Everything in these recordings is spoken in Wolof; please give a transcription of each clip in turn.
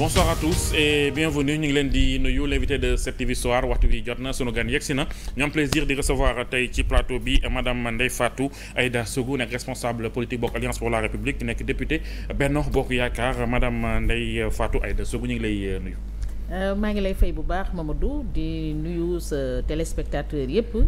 bonsoir à tous et bienvenue ñu ngi leen di nuyu l'invité de 7TV soir waxtu bi jot na sunu gan yegsi na ñu plaisir di recevoir tey ci plateau bi madame Ndeye Fatou Aïda Sougou nekk responsable politique bokk Alliance pour la République nekk député Benno Bokk Yaakaar madame Ndeye Fatou Aïda Sougou ñu ngi lay euh, nuyu. Euh, maa ngi lay fay bu baax Mamadou di nuyu sa téléspectateur yépp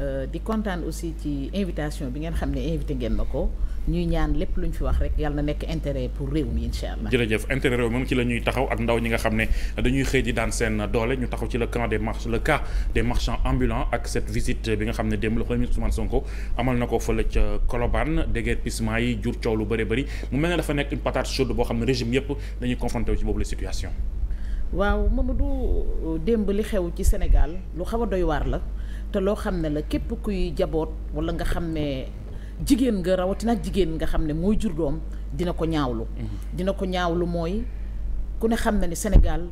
Euh, di kontaan aussi ci invitation bi ngeen xam ne invité ngeen na ko ñuy ñaan lépp lu ñu fi wax rek yàlla na nekk intérêt pour réew mi incha allah. jërëjëf intérêt réew moom ci la ñuy taxaw ak ndaw ñi nga xam ne dañuy xëy di daan seen doole ñu taxaw ci le camp des march le cas des marchands ambulants ak cette visite bi nga xam ne démb le premier ministre Ousmane Sonko amal na ko fële ca Colobane déguerpissement yi jur coow lu bëri bari mu mel ne dafa nekk une patate chaude boo xam ne régime yëpp dañuy confronté wu ci waaw Mamadou démb li xew ci Sénégal lu xaw a doy waar la te loo xam ne la képp kuy jaboot walla nga xam ne jigéen nga rawatina jigéen nga xam ne mooy jur doom dina ko ñaawlu. Mhm. dina ko ñaawlu mooy ku ne xam na ni Sénégal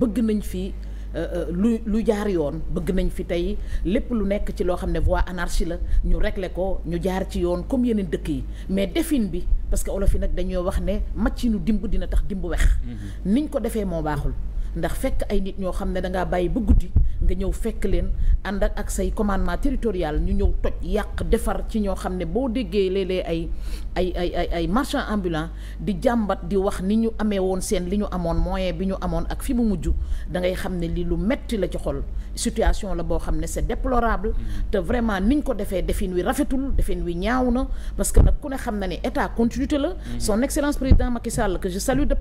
bëgg nañ fi euh, euh, lu lu jaar yoon bëgg nañ fi tey lépp lu nekk ci loo xam ne voie anarchie la ñu réglé ko ñu jaar ci yoon comme yeneen dëkk yi mais defin bi parce que olof yi nag dañoo wax ne màccinu dimb dina tax dimb wex mhm. niñ ko defee moo baaxul. ndax fekk ay nit ñoo xam ne dangaa bàyyi ba guddi nga ñëw fekk leen ànd ak say commandement territorial ñu ñëw toj yàq defar ci ñoo xam ne boo déggee léeg-léeg ay ay ay ay ay marchand ambulant di jàmbat di wax ni ñu amee woon seen li ñu amoon moyen bi ñu amoon ak fi mu mujj da ngay xam ne lii lu metti la ci xol situation la boo xam ne c'est déplorable mm-hmm. te vraiment niñ ko defee defin wi rafetul defin wi ñaaw na parce que nag ku ne xam na ne état continuité la mm-hmm. son excellence président Macky Sall que je salue de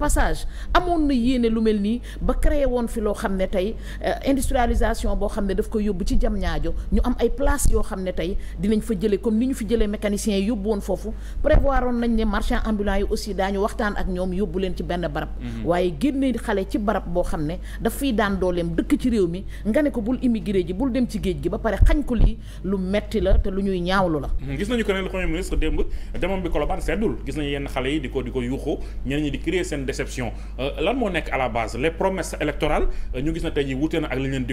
amoon na yéene lu mel nii ba créé woon fi loo xam ne tey euh, industrialisation situation boo xam ne daf koy yóbbu ci jam ñaajo ñu am ay place yoo xam ne tey dinañ fa jëlee comme ni ñu fi jëlee mécaniciens yóbbu woon foofu prévoir oon nañ ne marchand ambulant yi aussi daañu waxtaan ak ñoom yóbbu leen ci benn barab mhm. waaye génne xale ci barab boo xam ne daf fiy daan dooleem dëkk ci réew mi nga ne ko bul immigré ji bul dem ci géej gi ba pare xañ ko lii lu metti la te lu ñuy ñaawlu la mhm. gis nañu ko ne le premier ministre démb demam bi ko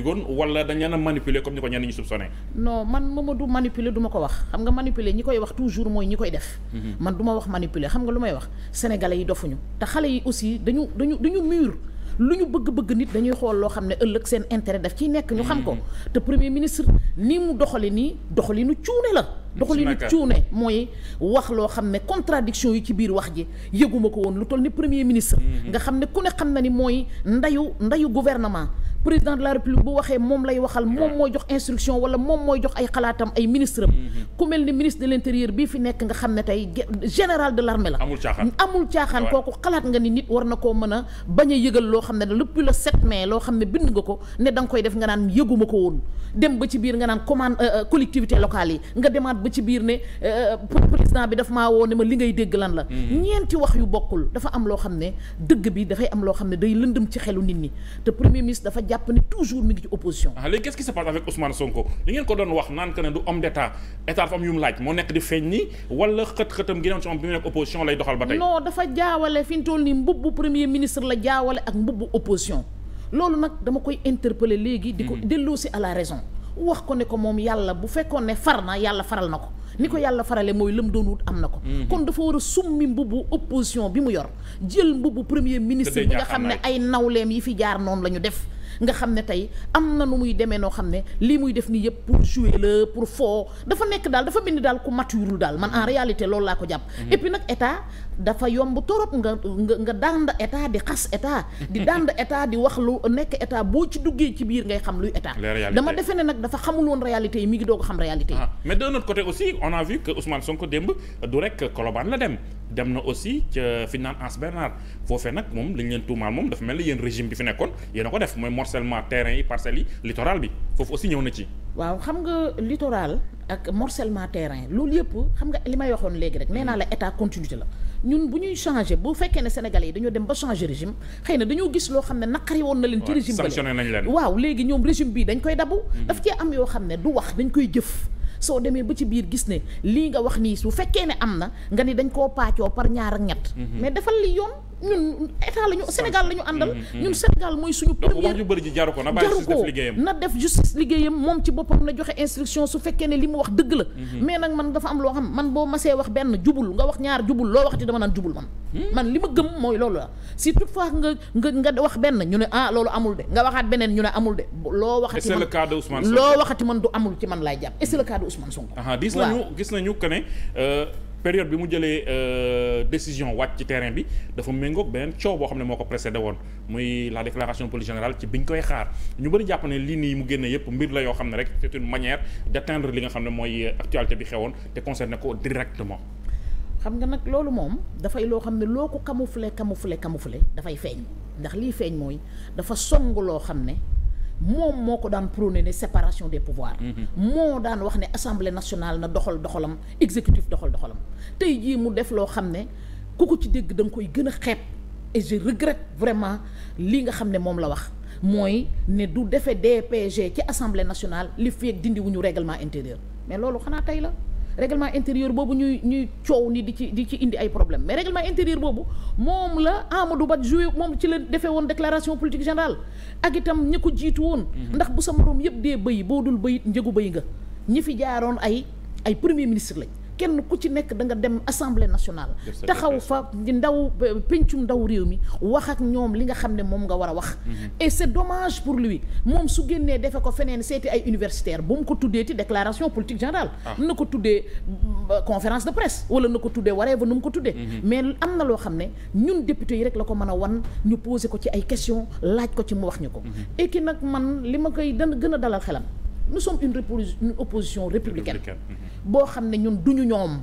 euh, la wala dañ leen a manipuler comme ñu ko ñenn ñi soupçonné. non man Mamadou manipuler du ma ko wax xam nga manipuler ñi koy wax toujours mooy ñi koy def. Mhm. man duma wax manipuler xam nga lu may wax sénégalais yi dofuñu te xale yi aussi dañu dañu dañu mûr. lu ñu bëgg-bëgg nit dañuy xool loo xam ne ëllëg seen intérêt daf ciy nekk ñu xam ko mhm. te premier ministre ni mu doxali nii doxali nu cuune la doxali nu cuune mooy wax loo xam ne contradiction yi ci biir wax ji yëguma ko woon lu toll ni premier ministre mhm. nga xam ne ku ne xam na ni mooy ndayu ndayu gouvernement président de la république bu waxee moom lay waxal moom mooy jox instruction wala moom mooy jox ay xalaatam ay ministre am mm-hmm. ku mel ni ministre de l' intérieur fi nekk nga xam ne tey général de l' la amul caaxaan kooku xalaat nga ni nit war na koo mën a bañ a yëgal loo xam ne depuis le 7 mais loo xam ne bind nga ko ne da nga koy def nga naan yëguma ko woon dem ba ci biir nga naan commande euh, euh, collectivité locale yi nga demaat ba ci biir ne euh, président bi daf maa woo ne ma li ngay dégg lan la mm-hmm. ñeenti wax yu bokkul dafa am loo xam ne dëgg bi dafay am loo xam ne day lëndëm ci xelu nit ñi jàpp ne toujours mi ngi ci opposition. ah léegi qu'est-ce qui se avec Ousmane Sonko li ngeen ko doon wax naan que ne du homme d'état état dafa yu mu laaj moo nekk di feeñ nii wala xët-xëtam gi doon ci am bi mu nekk opposition lay doxal ba tey. non dafa jaawale fi ñu toll nii mbubbu la jaawale ak mbubbu opposition loolu nag dama koy interpeller léegi. di ko hmm. delloosi à la raison. wax ko ne ko moom yàlla bu fekkoon ne far na yàlla faral na ko ni ko yàlla farale mooy lëm doon wut am na ko hmm. kon dafa war a summi mbubbu opposition bi mu yor jël mbubbu premier ministre bi nga xam ne ay nawleem yi fi jaar noonu la ñu def nga xam ne tey am na nu muy demee noo xam ne lii muy def nii yëpp pour jouer la pour foo dafa nekk daal dafa bind daal ku maturul daal man en réalité loolu laa ko jàpp mhm. et puis nag état dafa yomb torop nga nga nga dànd état di xas état di dànd état di wax lu nekk état boo ci duggee ci biir ngay xam luy état dama defe ne nag dafa xamul woon réalité yi mi ngi doog xam réalité yi ah, mais d'un a vu que Ousmane Sonko dem dem na aussi ca fi naan Anse Bernard foofee nag moom li leen tuumaal moom dafa mel ni yéen régime bi fi nekkoon yéen ko def mooy morcellement terrain yi parcelles yi littoral bi foofu aussi ñëw na ci waaw xam nga littoral ak morcellement terrain loolu yëpp xam nga li may waxoon léegi rek nee naa la état continuité la ñun bu ñuy changé bu fekkee ne sénégal yi dañoo dem ba changé régime xëy na dañoo gis loo xam ne naqari woon na leen ci régime bale waaw léegi ñoom régime bii dañ koy dabu mm-hmm. daf cee am yoo xam ne du wax dañ koy jëf soo demee ba ci biir gis ne lii nga wax nii su fekkee ne am na nga ni dañ koo paacoo par ñaar ak ñett mm-hmm. mais defal li yoon ñun état la ñu Sénégal la ñu àndal. Mm, mm, ñun mm. Sénégal mooy suñu. première donc jaru ko na bàyyi justice def liggéeyam na def justice liggéeyam moom ci boppam na joxe instruction su fekkee ne li mu wax dëgg la. Mm-hmm. mais nag man dafa am loo xam man boo masee wax benn jubul nga wax ñaar jubul loo waxati dama naan jubul man. Hmm? man li ma gëm mooy loolu la si toutefois nga nga nga wax benn ñu ne ah loolu amul de nga waxaat beneen ñu ne amul de. loo waxati man c'est le cas de Ousmane loo waxati man du amul ci man laay jàpp et c'est le hmm. cas de Ousmane Sonko. waaw gis nañu gis période bi mu jëlee euh, décision wàcc ci terrain bi dafa méngook beneen coow boo xam ne moo ko précédé woon muy la déclaration politique générale ci bi ñu koy xaar ñu bëri jàpp ne lii nii mu génne yëpp mbir la yoo xam ne rek c'est une manière d'atteindre li nga xam ne mooy euh, actualité bi xewoon te concerné ko directement. xam nga nag loolu moom dafay loo xam ne loo ko camoufler camoufler camoufler dafay feeñ ndax lii feeñ mooy dafa song loo xam ne. moom moo ko daan prôné ne séparation des pouvoirs. Mhm. moo daan wax ne assemblée nationale na doxal doxalam exécutif doxal doxalam tey jii mu def loo xam ne ku ko ci dégg danga koy gën a xeeb et je regrette vraiment li nga xam ne moom la wax mooy ne du defee DPG ci assemblée nationale li fi dindiwuñu réglement intérieur mais loolu xanaa tey la. règlement intérieur boobu ñuy ñuy coow ni di ci di ci indi ay problème mais règlement intérieur boobu moom la Amadou bat joué moom ci la defee woon déclaration politique générale ak itam ña ko jiitu woon mhm. ndax bu sa moroom yëpp dee bëy boo dul bëy njëgu bëy nga ñi fi jaaroon ay ay premier ministre lañ kenn ku ci nekk da nga dem assemblée nationale taxaw fa ndaw pencum ndaw réew mi wax ak ñoom li nga xam ne moom nga war a wax mhm. et c'est dommage pour lui moom su génnee defee ko feneen seeti ay universitaire bu mu ko tuddee ti déclaration politique générale ah. na ko tuddee mm, conférence de presse wala na ko tuddee waree ba nu mu ko tuddee mhm. mais am na loo xam ne ñun député yi rek la ko mën a wan ñu posé ko ci ay question laaj ko ci mu wax ñu ko mhm. et nag man li ma koy dana gën a dalal nous sommes une une opposition républicaine mhm. boo xam ne ñun du ñu ñoom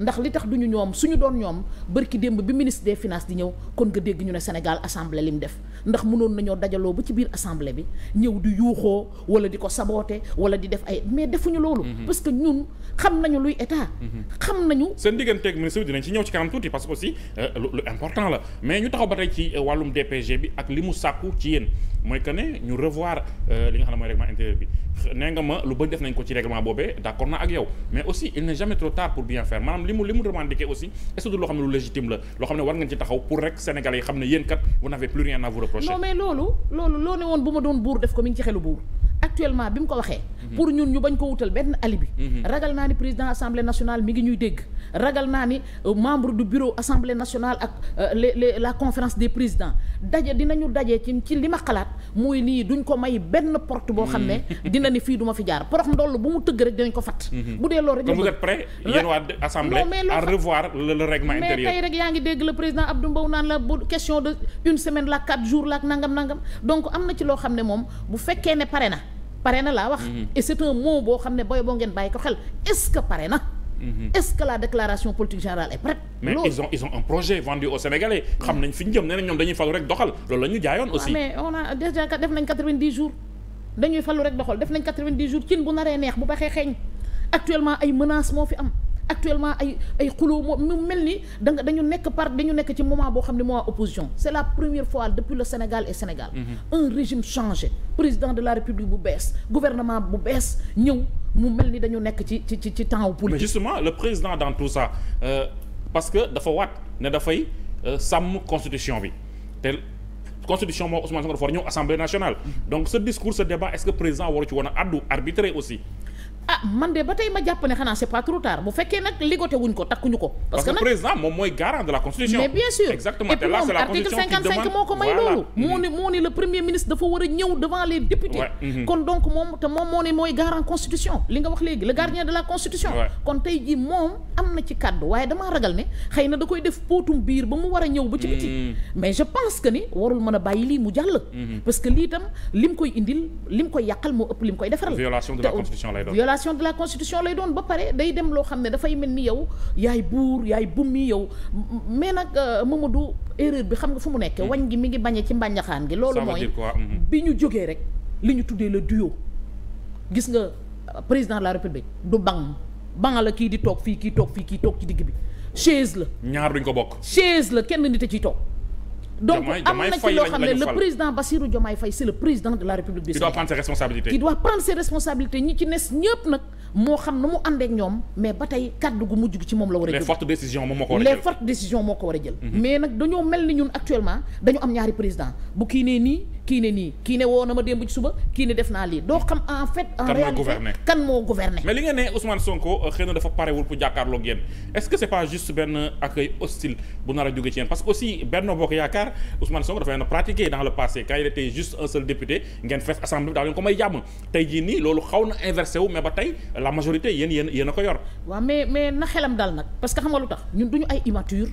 ndax li tax ñu ñoom suñu doon ñoom bërki démb bi ministre des finances di ñëw kon nga dégg ñu ne Sénégal assemblée li mu def ndax mënoon nañoo dajaloo ba ci biir assemblée bi ñëw di yuuxoo wala di ko saboote wala di def ay mais defuñu loolu. Mhm. parce que ñun xam nañu luy état. Mhm. xam nañu. seen digganteeg ministre bi dinañ ci ñëw ci kanam tuuti parce que aussi euh, lu important la mais ñu taxaw ba tey ci euh, wàllum DPG bi ak li mu sàkku ci yéen. mooy que ñu revoir euh, li nga xam ne mooy règlement intérieur bi nee ma lu bëri def nañ ko ci règlement boobee d'accord na ak yow mais aussi il n'est jamais trop tard pour bien faire maanaam li mu li mu revendiquer aussi est loo xam ne lu légitime la loo xam ne war ngeen ci taxaw pour rek sénégalais yi xam ne yéen kat vous n'avez plus rien à vous reprocher. mais loolu loolu loo ne woon bu ma doon buur def ko mi ngi ci buur actuellement bi mu ko waxee. Mhm. pour ñun ñu bañ ko wutal benn alibi. Mhm. ragal naa ni président assemblée nationale mi ngi ñuy dégg. ragal naa ni euh, membre du bureau assemblée nationale ak euh, les les la conférence de présidents daje dinañu daje ci ci li ma xalaat mooy nii duñ ko may benn porte boo xam ne. Mhm. dina ni fii du ma fi jaar porox ndoll bu mu tëgg rek dinañ ko fat bu dee loolu rek. vous êtes prêts mais tey rek yaa ngi dégg le président Abdou Mbow naan la bu question une semaine la quatre jours la ak nangam nangam donc am na loo xam ne moom bu fekkee ne pare pare na laa wax. Mm-hmm. et c' est un mot boo xam ne booy boo ngeen bàyyi ko xel est ce que pare na. Mm-hmm. est ce que la déclaration politique générale est prête. mais ils ont ils ont un projet vendu aux Sénégalais. Mm-hmm. xam nañ fi ñu jëm nee na ñoom dañuy falu rek doxal loolu la jaayoon. aussi a déjà def nañ quatre vingt dix jours dañuy falu rek doxal def nañ quatre vingt dix jours cin bu naree neex bu ba xeeñ actuellement ay menaces moo fi am. actuellement ay ay xuloo moo mu mel ni da nga dañu nekk par dañu nekk ci moment boo xam ne moo opposition c'est la première fois depuis le Sénégal et Sénégal mm-hmm. un régime changé président de la République bu bees gouvernement bu bees ñëw mu mel ni dañu nekk ci ci ci temps politique mais justement le président dans tout ça euh, parce que dafa waat ne dafay euh, sàmm constitution bi te constitution moo Ousmane Sonko dafa war ñëw assemblée nationale mm-hmm. donc ce discours ce débat est-ce que président ah man de ba tey ma jàpp ne xanaa c'est pas trop tard bu fekkee nag ligoté wuñ ko takkuñu ko. parce que nag président moom mooy garant de la constitution. mais bien sûr exactement te là c'est la constitution qui demande article 55 moo ko may loolu. moo mm-hmm. ne moo ne le premier ministre dafa war a ñëw devant les députés. Mm-hmm. kon donc moom te moom moo ne mooy garant constitution li nga wax léegi le gardien de la constitution. kon tey jii moom am na ci kàddu waaye damaa ragal ne xëy na da koy def póotum biir ba mu war a ñëw ba ci biti. Mm. mais je pense que ni warul mën a bàyyi lii mu jàll. Mm-hmm. parce que lii itam lim koy indil lim koy yàqal moo ëpp lim koy defaral. violation de la constitution lay doon violation de la lay doon ba pare day dem loo xam ne dafay mel ni yow yaay buur yaay bummi yow mais nag euh, Mamadou erreur bi xam nga fu mu nekkee. Hmm. wañ gi mi ngi bañee ci mbànjaxaan gi. loolu mooy hmm. bi ñu jógee rek li ñu tuddee le duo gis nga euh, président de la république du bang bang la kii di toog fii kii toog fii kii toog ci digg bi chaise la. ñaar duñ ko bokk. chaise la kenn nit a ciy toog. donc am na ci loo xam ne le président Bassirou Diomaye Faye c'est le président de la République du Sénégal qui doit prendre ses responsabilités qui ñi ci nes ñëpp nag moo xam nu mu àndeek ñoom mais ba tey kàddu gu mujj gi ci moom la war a jël les fortes décisions moom moo ko war a jël les moo ko war a jël mhm. mais nag dañoo mel ni ñun actuellement dañu am ñaari président bu kii nee nii kii ne nii kii ne woo ma démb ci suba kii ne def naa lii doo xam en fait. en réalité kan moo gouverner mais li nga ne Ousmane Sonko euh, xëy na dafa parewul pour jàkkaarloog yéen a jóge ci yéen parce que aussi Benno Bokk dafa leen a pratiqué dans le passé quand il était ko may jàmm tey jii nii loolu xaw na inversé wu mais ba tey la majorité yéen yéen yéen a ko yor. waaw mais mais na xelam dal nag parce que xam lu tax ñun duñu ay immature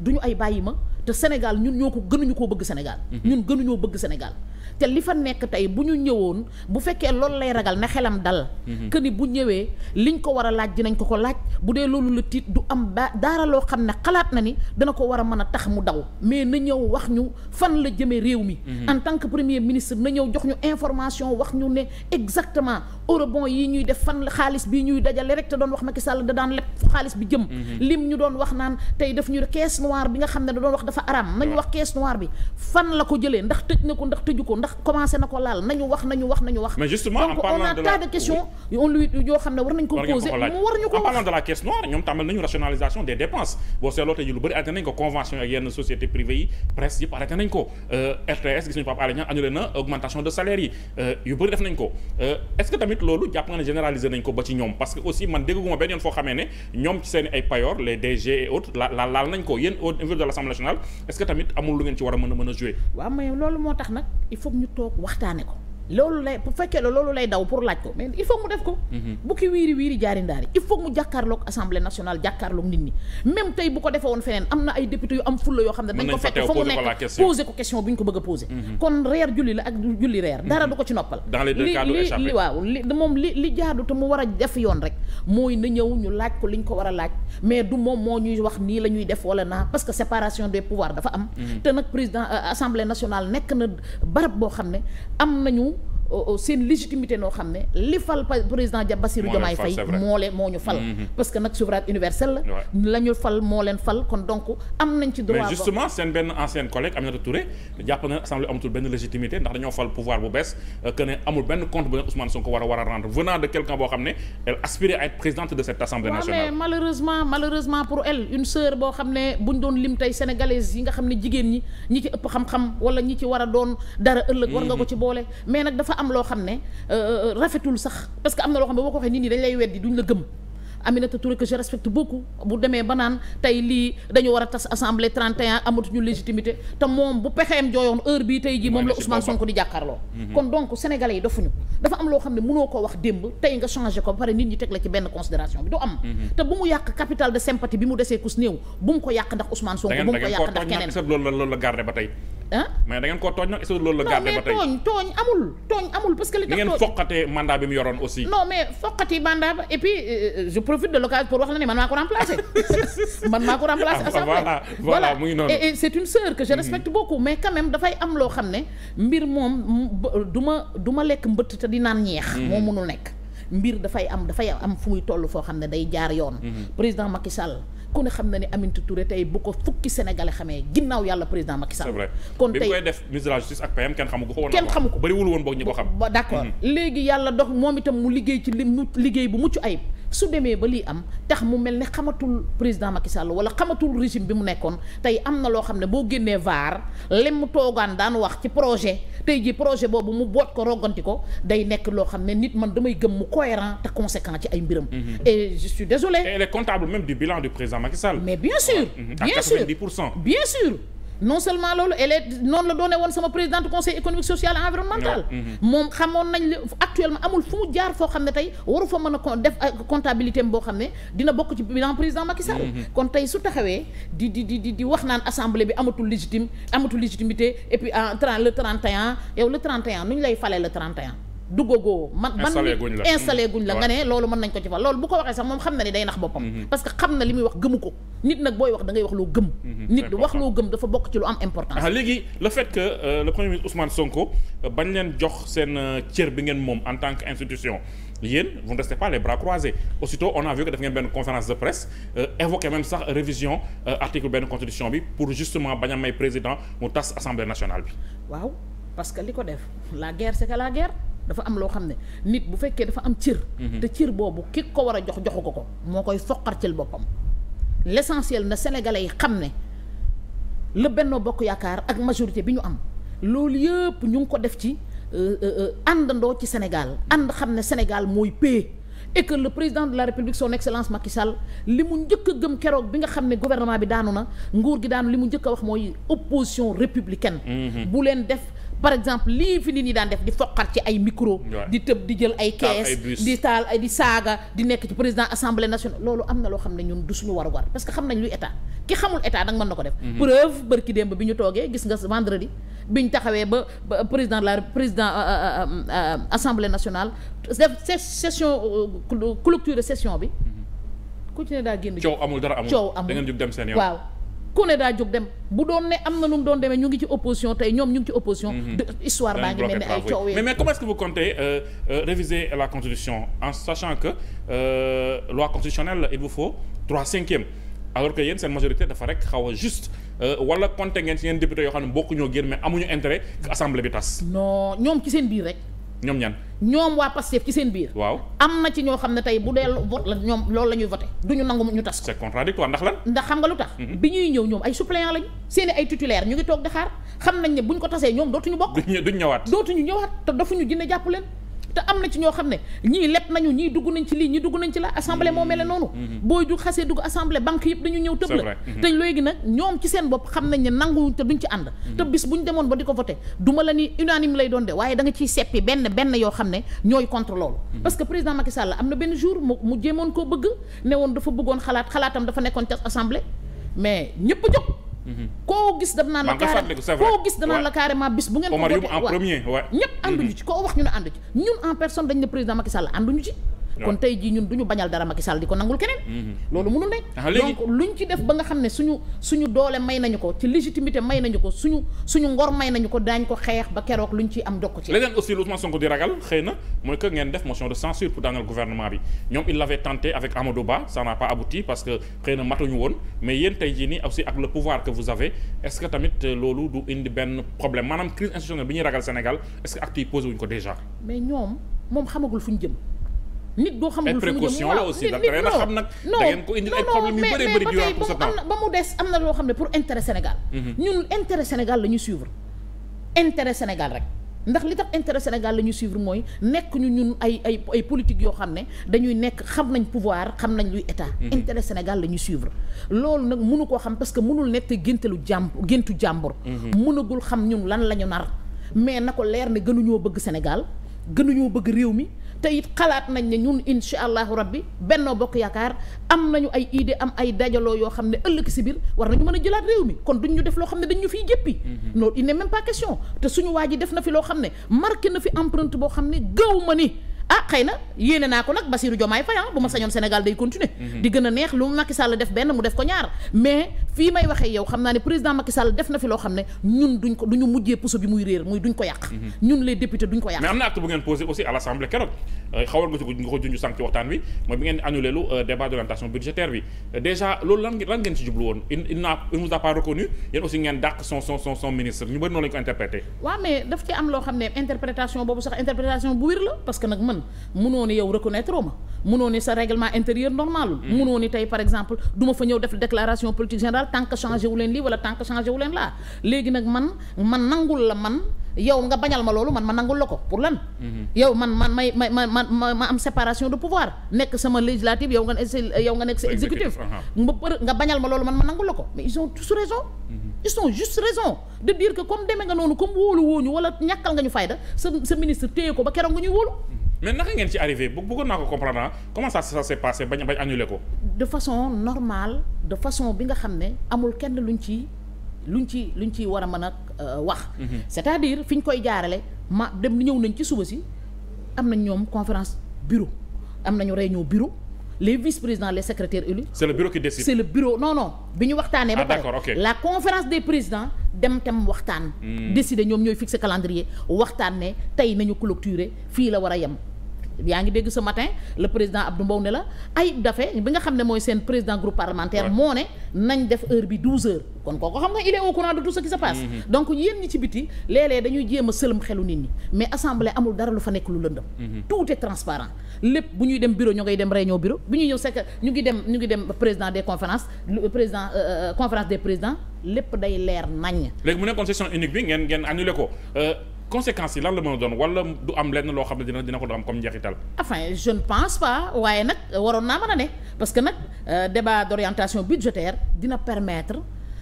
duñu ay bàyyi ma te Sénégal ñun ñoo ko gënuñu koo bëgg senegal mhm. ñun gënuñoo bëgg Sénégal. te li fa nekk tey bu ñu ñëwoon bu fekkee loolu lay ragal na xelam dal. Mhm. que ni bu ñëwee liñ ko war a laaj dinañ ko ko laaj bu dee loolu la tiit du am ba daara loo xam ne xalaat na ni dana ko war a mën a tax mu daw mais na ñëw wax ñu fan la jëmee réew mi. Mhm. en tant que premier ministre na ñëw jox ñu information wax ñu ne exactement eurobond yi ñuy def fan xaalis bi ñuy dajalee rek te doon wax Macky Sall da daan leb fu xaalis bi jëm. lim ñu doon wax naan tey daf ñu caisse bi nga xam ne da wax dafa dafa araam nañu mm. wax caisse noire bi fan la ko jëlee ndax tëj na ko ndax tëju ko ndax commencé na ko laal nañu wax nañu wax nañu wax mais justement donc on a tas de questions on lui yoo xam ne war nañ ko poser mu war ñu ko wax en parlant de la caisse noire ñoom tàmbal nañu rationalisation des dépenses boo seetloo tey lu bëri arrêté nañ ko convention ak yenn société privée yi presse yëpp arrêté nañ ko euh, RTS gis nañu Pape Alé Niang annulé na augmentation de salaire yi euh, yu bëri def nañ ko euh, est-ce que tamit loolu jàpp nga ne généraliser nañ ko ba ci ñoom parce que aussi man dégguma benn yoon foo xamee ne ñoom ci seen ay payor les DG et autres la laal nañ ko yéen au niveau de l'Assemblée nationale est que tamit amul lu ngeen ci war a mën a mën a jouer waaw mais loolu moo tax nag il faut ñu toog waxtaane ko loolu lay bu fekkee la loolu lay daw pour laaj ko mais il faut mu def ko. Mhm. bu ki wiiri wiiri jaari ndaari il faut mu jàkkaarloog assemblée nationale jàkkaarloog nit ñi même tey bu ko defee woon feneen am na ay député yu am fulla yoo xam ne. dañ ko fekk fa mu nekk poser ko question bu a mhm. mhm. a def yoon rek mooy na ñëw ñu ko li ñu ko war a laaj mais du moom moo ñuy wax nii la ñuy def wala naa parce que séparation des pouvoirs dafa am. te nag président euh, assemblée nationale nekk na barab boo xam ne am nañu seen légitimité noo xam ne li fal président ja Bassirou Diomaye Faye moo ñu fal mm-hmm. parce que nag souveraineté universelle la la fal moo leen fal kon donc am nañ ci droit mais justement seen benn ancienne collègue Aminata benn légitimité ndax dañoo fal pouvoir bu bees euh, que amul benn compte bu leen Ousmane Sonko war a war a rendre venant de quelqu'un boo xam ne elle aspirait à être présidente de cette assemblée nationale malheureusement malheureusement pour elle une am loo xam ne euh, euh, euh, rafetul sax parce que am na loo xam ne boo ko waxee nit ñi dañ lay weddi duñ la gëm Aminata Touré que je respecte beaucoup bu demee ba naan tey lii dañu war a tas assemblée 31 amatuñu légitimité te moom bu pexeem jooyoon heure bii tey jii moom la Ousmane Sonko di jàkkaarloo. Mhm. kon donc sénégalais yi dofuñu dafa am loo xam ne mënoo ko wax démb tey nga changé ko ba pare nit ñi teg la ci benn considération bi du am. Mhm. te bu mu yàq capital de sympathie ah mais da ngeen koo tooñ nag est-ce que loolu la gardé ba tey tooñ tooñ amul tooñ amul parce que li tax ngeen foqatee mandat bi mu yoroon aussi non mais foqati mandat ba et puis euh, euh, je profite de l'occasion pour wax la ne man maa ko remplacé man maa ko remplacé ah, assemblée voilà voilà mu ngi noonu et c'est une sœur que je mm-hmm. respecte beaucoup mais quand dafay am loo xam ne mbir moom du ma du ma lekk mbëtt te di naan ñeex mm-hmm. moo mënul nekk mbir dafay am dafay am fu muy toll foo xam ne day jaar yoon mm-hmm. président Macky ku ne xam na ne Aminata Touré tey bu ko fukki sénégalais xamee ginnaaw yàlla président Macky kon tey bi koy la justice ak PM kenn xamu ko. ko kenn xamu ko bëriwul woon boog ñu ko mm-hmm. léegi yàlla dox moom itam mu liggéey ci li mu liggéey bu mucc ayib. su demee ba lii am tax mu mel ni xamatul président Macky Sall wala xamatul régime bi mu nekkoon tey am na loo xam ne boo génnee vaar lem mu toogaan daan wax ci projet tey ji projet boobu mu boot ko rogganti ko day nekk loo xam ne nit man damay gëm mu cohérent te conséquent ci ay mbiram. Mm-hmm. et je suis désolé. Macky mais bien sûr. Mhm. bien sûr pour cent. bien sûr non seulement loolu elle est noonu la doone woon sama présidente conseil économique social et environnemental. Mhm. moom xamoon nañ actuellement amul fu mu jaar foo xam ne tey waru fa mën a def comptabilité am boo xam ne dina bokk ci bi bilan président Macky Sall. Mhm. kon tey su taxawee di di di di wax naan assemblée bi amatul légitime amatul légitimité et puis en le 31 yow le 31 nu ñu lay falee le an duggagoo man man installé guñ la nga ne loolu mën nañ ko ci fal loolu bu ko waxee sax moom xam na ni day nax boppam mm-hmm. parce que xam na li muy wax gëmu ko nit nag booy wax da wax loo gëm mm-hmm. nit wax loo gëm dafa bokk ci lu am importance léegi le fait que euh, le premier ministre Ousmane Sonko euh, leen jox seen euh, cër bi ngeen moom en tant que institution yéen vous ne restez pas a vu que def ngeen benn conférence de presse évoqué même sax révision article benn constitution bi pour justement bañ a may président mu tas assemblée nationale bi waaw parce que li ko def la guerre c'est que la dafa am loo xam ne nit bu fekkee dafa am cër. Mhm. te cër boobu ki ko war a jox joxu ko ko moo koy foqartil boppam. l'essentiel na sénégalais yi xam ne la Benno Bokk Yaakaar ak majorité bi ñu am loolu yëpp ñu ngi ko def ci euh, euh, euh, àndandoo ci Sénégal and xam ne Sénégal mooy paix. et le président de la république son excellence ki Sall li mu njëkk a gëm keroog bi nga xam ne gouvernement bi daanu na nguur gi daanu li mu njëkk a wax mooy opposition républicaine. Mhm. bu leen def. par exemple lii fi nit ñi daan def di foqar ci ay micro di tëb di jël ay kees di taal ay di saaga di nekk ci président assemblée nationale loolu am na loo xam ne ñun du suñu war war parce que xam nañ luy état ki xamul état danga mën na ko def mhm. preuve bërki démb bi ñu toogee gis nga vendredi bi ñu taxawee ba président la président euh, euh, euh, assemblée nationale def session clôture session bi mhm. ku ci ne daa génn coow amul dara amul coow amul da ngeen jóg dem waaw ku ne daa jóg dem bu doon ne am na nu mu doon demee ñu ngi ci opposition tey ñoom ñu ngi ci opposition. Mm-hmm. de histoire baa ngi mel ay coow mais mais comment est-ce que euh, euh, réviser la constitution en sachant que euh, constitutionnelle il faut trois cinquièmes alors que yéen seen majorité dafa rek xaw juste euh, wala compter ngeen ci yéen député yoo xam ne bokkuñoo génn mais amuñu intérêt que assemblée bi tas. non ñoom ci seen biir rek. ñoom ñan ñoom waa Pastef ci seen biir. waaw am na ci ñoo xam ne tey bu dee vote la ñoom loolu la ñuy voté du ñu nangu ñu tas ko. c'est contradictoire ndax lan. ndax xam nga lu tax. Mhm. bi ñuy ñëw ñoom ay suppléant lañu. seeni ay titulaire ñu ngi toog di xaar xam nañ ne buñ ko tasee ñoom dootuñu bokk. duñ ñëwaat dootuñu ñëwaat te dafuñu jinne jàpp leen te am na ci ñoo xam ne ñii leb nañu ñii dugg nañ ci lii ñii dugg nañ ci la assemblée moo mel ne noonu mm-hmm. Mm-hmm. booy du xasee dugg assemblée banque yëpp dañu ñëw tëb la te ñoom ci seen bopp xam nañ ne nanguwuñ te duñ ànd mm-hmm. te bis buñ demoon ba di ko voté du ma la ni unanime lay doon de waaye da nga ciy seppi benn benn yoo xam ne ñooy contre loolu parce que président Macky Sall am na benn jour mu mu jéemoon koo bëgg ne woon dafa bëggoon xalaat xalaatam dafa nekkoon ca assemblée mais ñëpp jóg koo gis danaan la carrément koo gis danaan la carrément bis bu ngeen ko voté waaw ñëpp ànduñu mm-hmm. ci koo wax ñu ne ànd ci ñun en personne dañ ne président Macky Sall ànduñu ci kon tey jii ñun du ñu bañal dara Macky Sall di ko nangul keneen mhm. loolu mënul ne donc luñ ci def ba nga xam ne suñu suñu doole may nañu ko ci légitimité may nañu ko suñu suñu ngor may nañu ko daañ ko xeex ba keroog luñ ci am ko ci leneen aussi lu Ousmane Sonko di ragal xëy na mooy que ngeen def motion de censure pour daaneel gouvernement bi ñoom il l'avait tenté avec Amadou Ba ça n'a pas abouti parce que xëy na matuñu woon mais yéen tey jii nii aussi ak le pouvoir que que tamit euh, loolu du indi benn problème maanaam crise institutionnelle bi ñuy ragal Sénégal est-ce que acte yi posé wuñ ko déjà mais ñoom fu ñu jëm nit doo xam fu mu jëm waaw nit nit non non non mais mais ba tey ba mu am des am na loo xam ne pour intérêt Sénégal. Mhm. ñun intérêt Sénégal la ñu suivre intérêt Sénégal rek. ndax li tax intérêt Sénégal la ñu suivre mooy nekk ñun ay ay ay politique yoo xam ne dañuy nekk xam nañ pouvoir xam nañ luy état. Mhm. intérêt Sénégal la ñu suivre. loolu nag munu koo xam parce que mënul nekk géntalu jàmbur géntu jàmbur. mënagul mhm. xam ñun lan la ñu nar. mais na ko leer ne gënuñoo bëgg Sénégal gënuñoo bëgg réew mi. te it xalaat nañ ne ñun incha allahu bi Benno Bokk Yaakaar am nañu ay idée am ay dajaloo yoo xam ne ëllëg si biir war nañu mën a jëlaat réew mi kon duñ ñu def loo xam ne dañ ñu fiy jéppi mm-hmm. non il n'est même pas question te suñu waa ji def na fi loo xam ne marqué na fi empreinte boo xam ne gëw ma ni ah xëy na yéene naa ko nag Bassirou Diomaye Faye ah, bu ma sañoon Sénégal day continuer mhm. di gën a neex lu Macky Sall def benn mu def ko ñaar mais fii may waxee yow xam naa ne président Macky def na fi loo xam ne ñun duñ ko nga ko jublu woon il n'a il nous a pas reconnu yéen ngeen dàq son son son son ministre ñu bëri noonu lañu ko interprété waaw mais daf ci am loo xam ne interprétation boobu sax interprétation bu wér la parce que nag man man munoo ni yow reconnaître ma munoo ni sa règlement intérieur normal. Hmm. munoo ni tey par exemple du fa ñëw def déclaration politique générale tant que changé wu leen lii wala tant que changé wu leen laa léegi nag man man nangul la man yow nga bañal ma loolu man ma nangul la ko pour lan. Hmm. yow man man may may ma ma ma am séparation de pouvoir nekk sama législative yow nga ne yow nga nekk sa exécutif. Uh-huh. nga për nga bañal ma loolu man ma nangul la ko mais ils ont tous raison. Hmm. ils ont juste de dire que comme demee nga noonu comme wóolu wooñu wala ñàkkal nga ñu fayda sa sa ministre mais naka ngeen ci arrivé bëggoon naa ko comprendre ah comment ça ça s'est passé bañ bañ annulé ko. de façon normale de façon bi nga xam ne amul kenn lu luñ ci luñ ci luñ ciy war a mën a euh, wax. Mhm. c'est-à-dire fi ñu koy jaarale ma dem ñëw nañ ci suba si am nañ ñoom conférence bureau am nañu réunion bureau. les vice-présidents les secrétaires élus. c'est le bureau qui décide. le bureau non non bi ñu waxtaanee. ba ah, pare la conférence des présidents dem tam waxtaan. Hmm. décider ñoom ñooy fixer calendrier waxtaan ne tey nañu clôturer fii la war a yem. yaa ngi dégg ce matin le président Abdou Mbow ne la Ayib Daffé bi nga xam ne mooy seen président groupe parlementaire moo ne nañ def heure bi 12 heures kon kooku xam nga il est au courant de tout ce qui se passe mm-hmm. donc yéen ci biti léeg dañuy jéem sëlëm xelu nit ñi mais assemblée amul dara lu fa nekk lu lëndëm mm-hmm. tout est transparent lépp bu ñuy dem bureau ñu ngay dem réunion bureau bu ñuy ñëw sekk ñu ngi dem ñu ngi dem président des conférences président euh, euh, conférence des lépp day leer nañ léegi mu nekkoon session unique bi ngeen ngeen annulé conséquence yi lan la mën a doon wala du am lenn loo xam ne dina dina ko doon am comme njeexital. enfin je pense pas waaye nag waroon naa mën a ne parce que nag euh, débat d'orientation budgétaire dina permettre.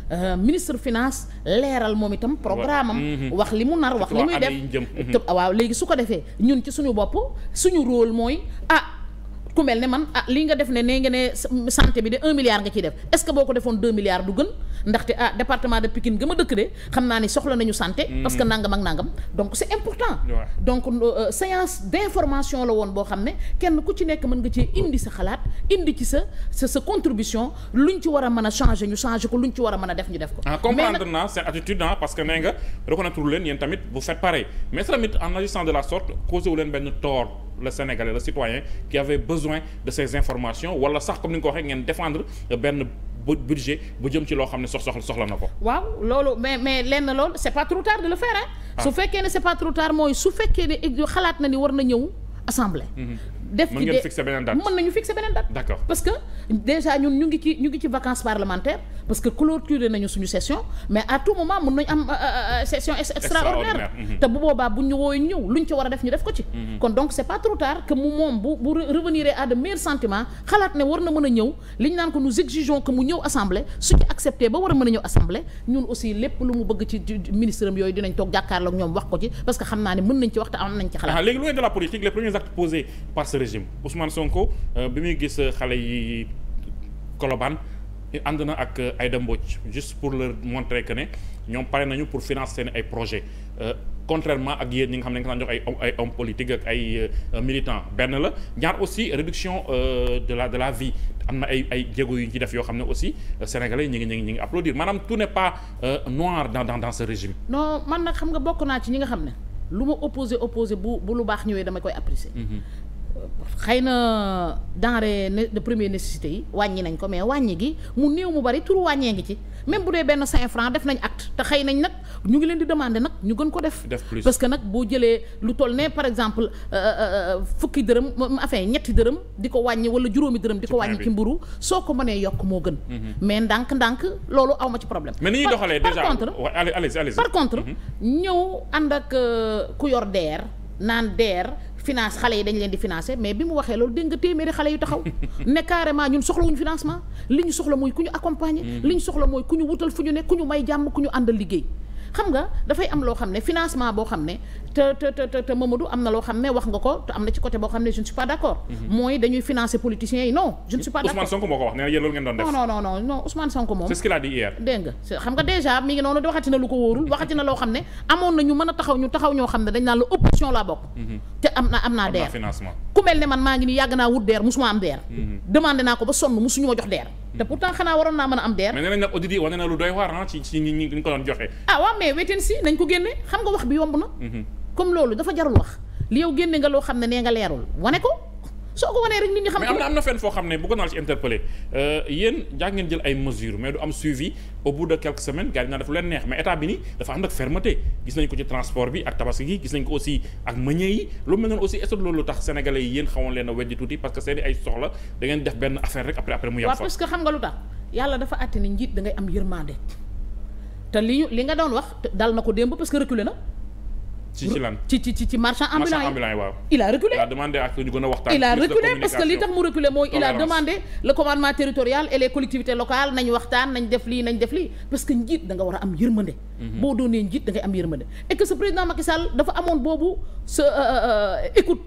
Euh, ministre finance leeral moom itam programme am mhm. wax li mu nar wax li muy def waaw léegi su ko defee ñun ci suñu bopp suñu rôle mooy ah ku mel ne man ah lii nga def ne nee nga ne mm, santé bi de un milliard nga ciy def est-ce que boo ko defoon deux milliards du gën ndaxte ah département de Pikine ga ma dëkk de xam naa ni soxla nañu santé mm. parce que nangam ak nangam donc c'est important donc euh, séance d'information la woon boo xam ne kenn ku ci nekk mën nga cee indi xalaat indi ci sa sa sa contribution luñ war a mën a changer ñu changer ko luñ ci war a a def ñu def ko ah, comprendre naa seen ah, parce que nee nga reconnaître leen yéen tamit vous faites pareil mais tamit en agissant de la sorte causé wu leen benn tort le Sénégalais le citoyen qui avait besoin de ces informations wala sax comme ni nga ko waxee ngeen défendre benn budget bu jëm ci loo xam ne sox soxla na ko. waaw loolu mais mais lenn lool c'est pas trop tard de le faire ah. su fekkee ne c'est pas trop tard mooy su fekkee ne xalaat na ni war na ñëw assemblée. Mm-hmm. def ci de mën nañu fixer beneen date d'accord parce que déjà ñun ñu ngi ci ñu ngi ci vacances parlementaires parce que clôturer nañu suñu session mais à tout moment mën nañu am euh, euh, euh, session extraordinaire mhm. te bu bu ñëw lu ñu ci war a def ñu def ko ci mhm. kon donc c'est pas trop tard que mu moom bu bu revenir à de meilleurs sentiments xalaat ne war na mën a ñëw li ñu naan ko nous exigeons que mu ñëw assemblée su ci accepté ba war a mën a ñëw assemblée ñun aussi lépp lu mu bëgg ci ministre am yooyu dinañ régime Ousmane Sonko euh, bi muy gis euh, xale yi Colobane ànd na ak ay euh, Aïda Mbodj juste pour leur montrer que ne ñoom pare nañu pour financer seen ay projet contrairement ak yéen ñi nga xam ne nga jox ay ay homme politique ak benn la ñaar aussi réduction de la de la vie am na ay ay jéego yu ci def yoo xam ne aussi sénégalais ñu ngi ñu ñu ngi applaudir maanaam tout n'est pas noir dans dans dans ce régime. non man nag xam nga bokk naa ci ñi nga xam ne lu ma opposé opposé bu lu baax ñëwee dama koy apprécier. Mhm. xëy na denrée de première nécessité yi wàññi nañ ko mais wàññi gi mu néew mu bari turu wàññee ngi ci même bu dee benn cinq francs def nañ acte te xëy nañ nag ñu ngi leen di demander nag ñu gën ko def parce que nag boo jëlee lu toll ne par exemple euh, euh, euh, fukki dërëm enfin ñetti dërëm di ko wàññi wala juróomi dërëm di ko wàññi ci mburu soo ko mënee yokk moo gën mhm. mais ndànk ndànk loolu aw ma ci problème mais ni ñuy doxalee déjà par contre allez par contre ñëw ànd ak ku yor deer naan deer finance xale yi dañ leen di financer mais bi mu waxee loolu dégg nga téeméeri xale yu taxaw ne carrément ñun soxlawuñu financement li ñu soxla mooy ku ñu accompagner. Mm. li ñu soxla mooy ku ñu wutal fu ñu ne ku ñu may jàmm ku ñu àndal liggéey xam nga dafay am loo xam ne financement boo xam ne te te te te Mamadou am na loo xam ne wax nga ko te am na ci côté boo xam ne je ne suis pas d' accord. Mhm. mooy dañuy financer politiciens yi non. je ne suis pas d' accord Ousmane Sonko moo ko ngeen doon def. a dit xam nga déjà mi ngi noonu waxati na lu ko wóorul waxati na loo xam ne amoon na ñu mën a taxaw ñu taxaw ñoo xam ne dañ naan la opposition laa bokk. Mhm. te am na am naa DER. am ku mel ne man maa ngi ni yàgg naa wut DER ma am DER. Mhm. demande naa ko ba sonn musuñu ma jox DER te pourtant xanaa waroon naa mën a am DER. mais nee nañ nag audit yi wane na lu doy waar ah ci ci ñi ñu ko doon joxe. ah waaw mais wetin si nañ ko génne xam nga wax bi yomb na. Mhm. comme loolu dafa jarul wax li yow génne nga loo xam ne nee nga leerul wane ko. soo ko wanee rek nit ñi xam. mais am na am na fenn foo xam ne bëggoon naa la ci interpeller euh, yéen jàng jël ay mesures mais du am suivi au bout de quelques semaines gars def lu leen neex mais état bi nii dafa ànd ak fermeté gis nañ ko ci transport bi ak tabaski gi gis nañ ko aussi ak meññee yi lu mel noonu aussi est loolu tax sénégalais yi yéen xamoon leen a weddi tuuti parce que seen ay soxla da ngeen def benn affaire rek après après mu yem. waaw parce na ko démb parce que reculé ci ci lan ci ci ci marchand ambulant yi marchand ambulant yi waaw. il a reculé il a demandé ak ñu a a reculé parce que li tax mu reculé mooy. il a demandé le commandement territorial et les collectivités locales nañ waxtaan nañ def lii nañ def lii parce que njiit da war a am yërmande. Mhm. boo doonee njiit da am yërmande. et que président Macky dafa amoon boobu sa euh, euh, euh, écoute.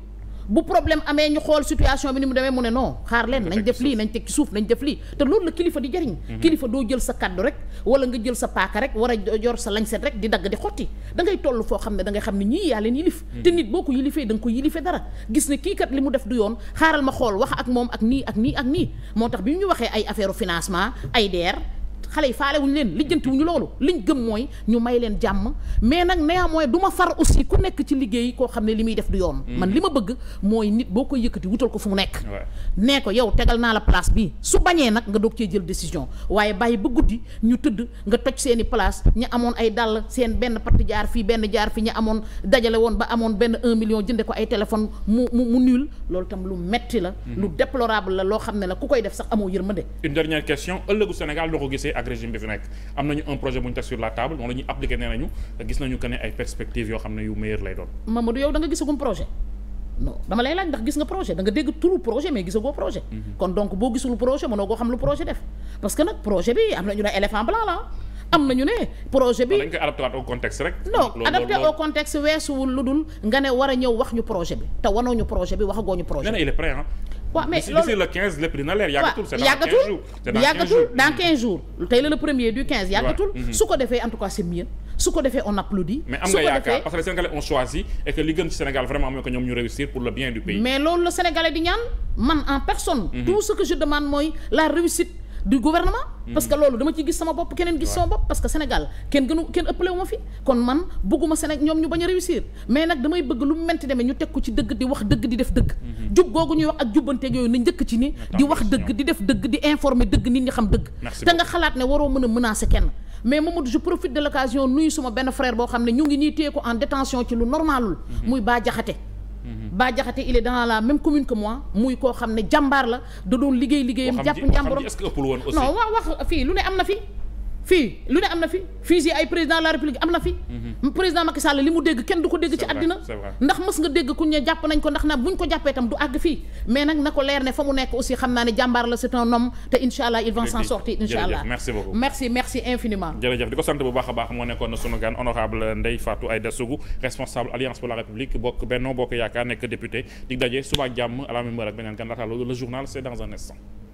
bu problème amee ñu xool situation bi ni mu demee mu ne non xaar leen nañ def lii nañ teg ci suuf nañ def lii te loolu la kilifa di jëriñ mhm. kilifa doo jël sa kaddu rek wala nga jël sa paaka rek war a jor sa lañset rek di dagg di xotti dangay ngay toll foo xam ne dangay xam ne ñii yaa leen yilif mhm. te nit boo ko yilifee da ko yilife dara gis ne kii kat li mu def du yoon xaaral ma xool wax ak moom ak nii ak nii ak nii moo tax bi ñu waxee ay affaire financement ay DER xale yi faale wuñu leen lijjanti wuñu loolu liñ gëm mooy ñu may leen jàmm mais nag néanmoins du duma far aussi ku nekk ci liggéey koo xam ne li muy def du yoon. Mm. man li ma bëgg mooy nit boo koy yëkkati wutal ko fu mu nekk. nee ko yow tegal naa la place bi su bañee nag nga doog cee jël décision waaye bàyyi ba guddi ñu tëdd nga toj seen i place ñu amoon ay dàll seen benn parti jaar fii benn jaar fi ñu amoon dajale woon ba amoon benn un million jënde ko ay téléphone mu mu mu nul loolu lu metti la. Mm. lu déplorable la loo xam ne la ku koy def sax amoo yërmande. une dernière question ëllëgu Sénégal noo ko gisee ak régime bi fi projet bu ñu teg sur la table moom la ñuy appliqué nee nañu gis nañu que ne ay perspectives yoo xam ne yu meilleur lay doon. Mamadou yow da nga gisagum projet. dama lay laaj ndax gis nga projet da dégg turu projet mais gisagoo projet. Mhm. kon donc boo gisul projet mënoo koo xam lu projet def. parce que nag projet bi am na ñu ne éléphant blanc la am na ñu ne projet bi. te wanoo ñu projet bi waxagoo ñu projet bi. nee na il est prêt waaw leer yàggatul. c'est dans dans 15 jours tey la le premier du 15. yàggatul su ko defee en tout cas c'est su ko defee on applaudit. mais am nga yaakaar parce que les Sénégalais ont et que li gën Sénégal mooy que ñoom ñu réussir pour le bien du pays. mais loolu la Sénégalais di ñaan man en personne. Mm-hmm. tout ce que je demande mooy la réussite. du gouvernement. Hmm. parce que loolu dama ciy gis sama bopp keneen gis sama bopp parce que Sénégal kenn gënu kenn ëppale wu ma fi kon man bëgguma Sénégal ñoom ñu bañ a réussir mais nag damay bëgg lu mu menti ñu teg ko ci dëgg di wax dëgg di def dëgg. Hmm. jub googu ñuy wax ak jubbanteeg njëkk ci ni. di wax dëgg di def dëgg di informer dëgg nit ñi xam dëgg. te nga xalaat ne waroo mën a menacer kenn. mais Mamadou je profite de l'occasion nuyu suma benn frère boo xam ne ñu ngi nii téye ko en détention ci lu normalul hmm. muy baa Mhm. Bah Diakhaté il est dans la même commune que moi muy koo xam ne jàmbaar la da doon liggéey liggéeyam jàpp njàmburam non wax wax fii lu ne am na fi fii lu ne am na fi fii si ay président la république am na fi. Mhm. président Macky li mu dégg kenn du ko dégg. ci àddina ndax mës nga dégg ku ne jàpp nañ ko ndax na buñ ko jàppee itam du àgg fii. mais nag na ko leer ne fa mu nekk aussi xam naa ne jàmbaar la c'est un homme te incha allah il va s'en sortir incha allah merci merci merci infiniment. jërëjëf di ko sant bu baax a baax moo nekkoon sunu gan honorable Ndeye Fatou Aïda Sougou responsable alliance pour la